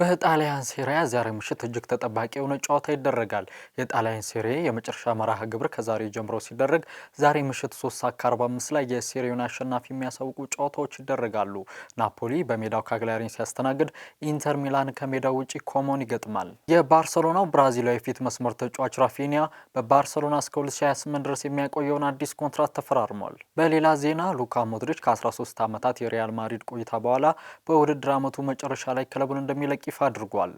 በጣሊያን ሴሪያ ዛሬ ምሽት እጅግ ተጠባቂ የሆነ ጨዋታ ይደረጋል። የጣሊያን ሴሪያ የመጨረሻ መርሃ ግብር ከዛሬ ጀምሮ ሲደረግ ዛሬ ምሽት 3 ሰዓት ከ45 ላይ የሴሪውን አሸናፊ የሚያሳውቁ ጨዋታዎች ይደረጋሉ። ናፖሊ በሜዳው ካግላሪን ሲያስተናግድ፣ ኢንተር ሚላን ከሜዳው ውጪ ኮሞን ይገጥማል። የባርሰሎናው ብራዚላዊ የፊት መስመር ተጫዋች ራፊኒያ በባርሰሎና እስከ 2028 ድረስ የሚያቆየውን አዲስ ኮንትራት ተፈራርሟል። በሌላ ዜና ሉካ ሞድሪች ከ13 ዓመታት የሪያል ማድሪድ ቆይታ በኋላ በውድድር ዓመቱ መጨረሻ ላይ ክለቡን እንደሚለቅ ረቂቅ ይፋ አድርጓል።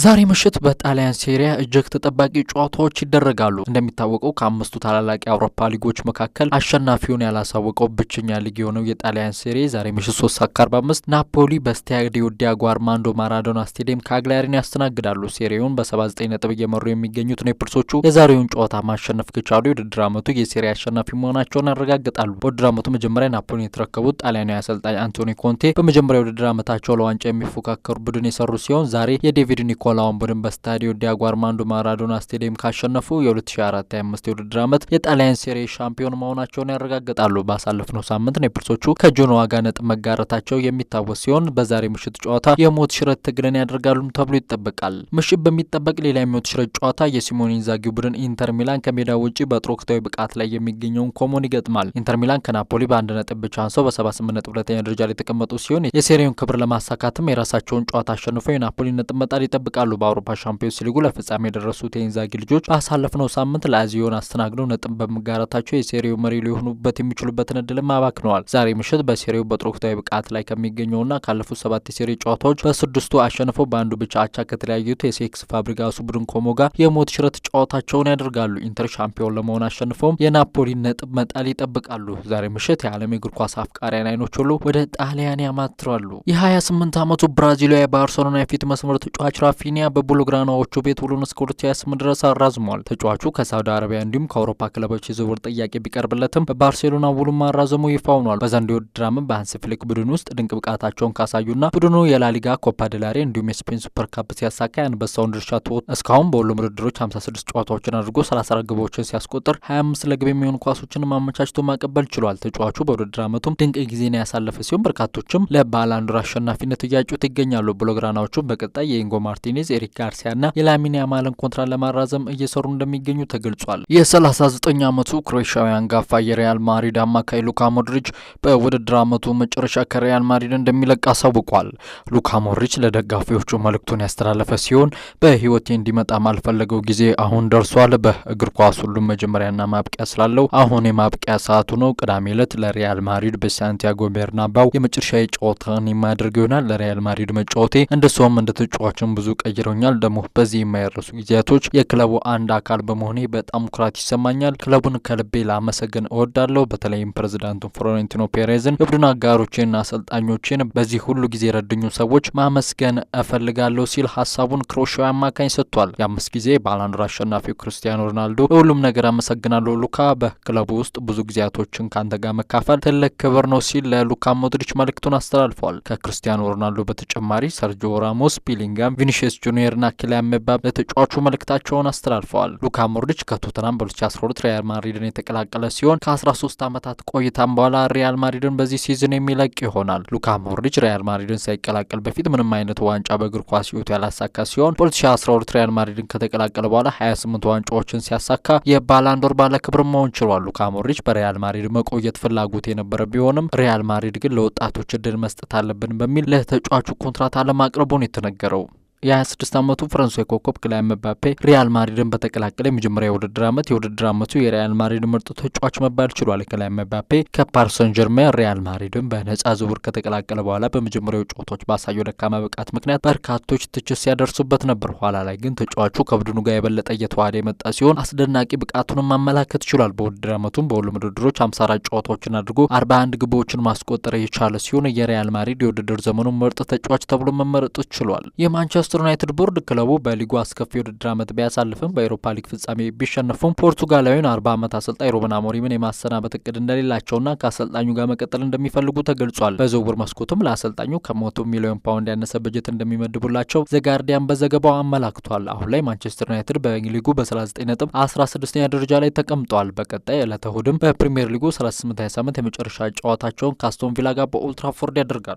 ዛሬ ምሽት በጣሊያን ሴሪያ እጅግ ተጠባቂ ጨዋታዎች ይደረጋሉ። እንደሚታወቀው ከአምስቱ ታላላቅ የአውሮፓ ሊጎች መካከል አሸናፊውን ያላሳወቀው ብቸኛ ሊግ የሆነው የጣሊያን ሴሪ ዛሬ ምሽት ሶስት ሰዓት ከአርባ አምስት ናፖሊ በስታዲዮ ዲያጎ አርማንዶ ማራዶና ስቴዲየም ከአግሊያሪን ያስተናግዳሉ። ሴሪውን በሰባ ዘጠኝ ነጥብ እየመሩ የሚገኙት ኔፕልሶቹ የዛሬውን ጨዋታ ማሸነፍ ከቻሉ የውድድር ዓመቱ የሴሪ አሸናፊ መሆናቸውን ያረጋግጣሉ። በውድድር አመቱ መጀመሪያ ናፖሊን የተረከቡት ጣሊያናዊ አሰልጣኝ አንቶኒ ኮንቴ በመጀመሪያ የውድድር ዓመታቸው ለዋንጫ የሚፎካከሩ ቡድን የሰሩ ሲሆን ዛሬ የዴቪድ ኒኮላውን ቡድን በስታዲዮ ዲያጎ አርማንዶ ማራዶና ስቴዲየም ካሸነፉ የ2024/25 የውድድር ዓመት የጣሊያን ሴሬ ሻምፒዮን መሆናቸውን ያረጋግጣሉ። ባሳለፍነው ሳምንት ኔፕልሶቹ ከጄኖዋ ጋር ነጥብ መጋረታቸው የሚታወስ ሲሆን በዛሬ ምሽት ጨዋታ የሞት ሽረት ትግልን ያደርጋሉም ተብሎ ይጠበቃል። ምሽት በሚጠበቅ ሌላ የሞት ሽረት ጨዋታ የሲሞኔ ኢንዛጊ ቡድን ኢንተር ሚላን ከሜዳ ውጪ በጥሩ ወቅታዊ ብቃት ላይ የሚገኘውን ኮሞን ይገጥማል። ኢንተር ሚላን ከናፖሊ በአንድ ነጥብ ብቻ አንሰው በ78 ነጥብ ሁለተኛ ደረጃ ላይ የተቀመጡ ሲሆን የሴሬውን ክብር ለማሳካትም የራሳቸውን ጨዋታ አሸንፈው የናፖሊ ነጥብ መጣል ይጠብቃሉ። በአውሮፓ ሻምፒዮንስ ሊጉ ለፍጻሜ የደረሱት የኢንዛጊ ልጆች ባሳለፍነው ሳምንት ለአዚዮን አስተናግደው ነጥብ በመጋራታቸው የሴሪው መሪ ሊሆኑበት የሚችሉበትን እድልም አባክነዋል። ዛሬ ምሽት በሴሪው በጥሮክታዊ ብቃት ላይ ከሚገኘውና ካለፉት ሰባት የሴሪ ጨዋታዎች በስድስቱ አሸንፈው በአንዱ ብቻ አቻ ከተለያዩት የሴክስ ፋብሪጋሱ ቡድን ኮሞ ጋር የሞት ሽረት ጨዋታቸውን ያደርጋሉ። ኢንተር ሻምፒዮን ለመሆን አሸንፈውም የናፖሊን ነጥብ መጣል ይጠብቃሉ። ዛሬ ምሽት የዓለም የእግር ኳስ አፍቃሪያን አይኖች ሁሉ ወደ ጣሊያን ያማትራሉ። የ28 ዓመቱ ብራዚላዊ የባርሴሎና የፊት መስመር ተጫዋች ራፊኒያ በቡሎግራናዎቹ ቤት ውሉን እስከ 2028 ድረስ አራዝሟል። ተጫዋቹ ከሳውዲ አረቢያ እንዲሁም ከአውሮፓ ክለቦች የዝውውር ጥያቄ ቢቀርብለትም በባርሴሎና ውሉን ማራዘሙ ይፋ ሆኗል። በዘንድሮ ውድድር ዓመት በሃንሲ ፍሊክ ቡድን ውስጥ ድንቅ ብቃታቸውን ካሳዩና ቡድኑ የላሊጋ ኮፓ ደላሬ እንዲሁም የስፔን ሱፐር ካፕ ሲያሳካ ያንበሳውን ድርሻ ትወት እስካሁን በሁሉም ውድድሮች 56 ጨዋታዎችን አድርጎ 34 ግቦችን ሲያስቆጥር 25 ለግብ የሚሆኑ ኳሶችን ማመቻችቶ ማቀበል ችሏል። ተጫዋቹ በውድድር ዓመቱም ድንቅ ጊዜን ያሳለፈ ሲሆን በርካቶችም ለባላንዶር አሸናፊነት እያጩት ይገኛሉ። ብሎግራናዎቹም በቀጣይ የኢንጎ ማርቲኔዝ፣ ኤሪክ ና የላሚን ያማልን ኮንትራት ለማራዘም እየሰሩ እንደሚገኙ ተገልጿል። የ39 ዓመቱ ክሮኤሽያዊ አንጋፋ የሪያል ማድሪድ አማካይ ሉካ ሞድሪች በውድድር ዓመቱ መጨረሻ ከሪያል ማድሪድ እንደሚለቅ አሳውቋል። ሉካ ሞድሪች ለደጋፊዎቹ መልእክቱን ያስተላለፈ ሲሆን በህይወቴ እንዲመጣ ማልፈለገው ጊዜ አሁን ደርሷል። በእግር ኳስ ሁሉም መጀመሪያና ማብቂያ ስላለው አሁን የማብቂያ ሰዓቱ ነው። ቅዳሜ ዕለት ለሪያል ማድሪድ በሳንቲያጎ ቤርናባው የመጨረሻ የጨዋታን የማያደርገው ይሆናል። ለሪያል ማድሪድ መጫወቴ እንደ ሰውም እንደ ተጫዋችም ብዙ ቀይረውኛል። ደግሞ በዚህ የማይረሱ ጊዜያቶች የክለቡ አንድ አካል በመሆኔ በጣም ኩራት ይሰማኛል። ክለቡን ከልቤ ላመሰግን እወዳለሁ። በተለይም ፕሬዚዳንቱን ፍሎሬንቲኖ ፔሬዝን፣ የቡድን አጋሮችንና አሰልጣኞችን በዚህ ሁሉ ጊዜ ረድኙ ሰዎች ማመስገን እፈልጋለሁ ሲል ሀሳቡን ክሮሻዊ አማካኝ ሰጥቷል። የአምስት ጊዜ ባላንዶር አሸናፊው ክርስቲያኖ ሮናልዶ የሁሉም ነገር አመሰግናለሁ ሉካ፣ በክለቡ ውስጥ ብዙ ጊዜያቶችን ከአንተ ጋር መካፈል ትልቅ ክብር ነው ሲል ለሉካ ሞድሪች መልእክቱን አስተላልፏል። ከክርስቲያኖ ሮናልዶ በተጨማሪ ሰርጂዮ ራሞስ፣ ቢሊንጋም ቪኒሽ ቪኒሺየስ ጁኒየርና ኪሊያን ምባፔ ለተጫዋቹ መልእክታቸውን አስተላልፈዋል። ሉካ ሞድሪች ከቶተናም በ2012 ሪያል ማድሪድን የተቀላቀለ ሲሆን ከ13 ዓመታት ቆይታም በኋላ ሪያል ማድሪድን በዚህ ሲዝን የሚለቅ ይሆናል። ሉካ ሞድሪች ሪያል ማድሪድን ሳይቀላቀል በፊት ምንም አይነት ዋንጫ በእግር ኳስ ሕይወቱ ያላሳካ ሲሆን በ2012 ሪያል ማድሪድን ከተቀላቀለ በኋላ 28 ዋንጫዎችን ሲያሳካ የባላንዶር ባለ ክብር መሆን ችሏል። ሉካ ሞድሪች በሪያል ማድሪድ መቆየት ፍላጎት የነበረ ቢሆንም ሪያል ማድሪድ ግን ለወጣቶች እድል መስጠት አለብን በሚል ለተጫዋቹ ኮንትራት አለማቅረቡን የተነገረው የ26 ዓመቱ ፈረንሳዊ ኮከብ ክላይ መባፔ ሪያል ማድሪድን በተቀላቀለ የመጀመሪያ የውድድር ዓመት የውድድር ዓመቱ የሪያል ማድሪድ ምርጥ ተጫዋች መባል ችሏል። ክላይ መባፔ ከፓርሰን ጀርሜን ሪያል ማድሪድን በነጻ ዝውውር ከተቀላቀለ በኋላ በመጀመሪያው ጨዋታዎች ባሳየው ደካማ ብቃት ምክንያት በርካቶች ትችት ሲያደርሱበት ነበር። ኋላ ላይ ግን ተጫዋቹ ከቡድኑ ጋር የበለጠ እየተዋሃደ የመጣ ሲሆን አስደናቂ ብቃቱንም ማመላከት ችሏል። በውድድር ዓመቱም በሁሉም ውድድሮች 54 ጨዋታዎችን አድርጎ 41 ግቦችን ማስቆጠር የቻለ ሲሆን የሪያል ማድሪድ የውድድር ዘመኑ ምርጥ ተጫዋች ተብሎ መመረጥ ችሏል። የማንቸስ ማንቸስተር ዩናይትድ ቦርድ ክለቡ በሊጉ አስከፊ ውድድር አመት ቢያሳልፍም በኤሮፓ ሊግ ፍጻሜ ቢሸነፉም ፖርቱጋላዊን አርባ ዓመት አሰልጣኝ ሩበን አሞሪምን የማሰናበት እቅድ እንደሌላቸውና ከአሰልጣኙ ጋር መቀጠል እንደሚፈልጉ ተገልጿል። በዝውውር መስኮቱም ለአሰልጣኙ ከመቶ ሚሊዮን ፓውንድ ያነሰ በጀት እንደሚመድቡላቸው ዘጋርዲያን በዘገባው አመላክቷል። አሁን ላይ ማንቸስተር ዩናይትድ በሊጉ በ39 ነጥብ 16ኛ ደረጃ ላይ ተቀምጧል። በቀጣይ ዕለተ እሁድም በፕሪምየር ሊጉ 38 ሳምንት የመጨረሻ ጨዋታቸውን ከአስቶን ቪላ ጋር በኦልትራፎርድ ያደርጋል።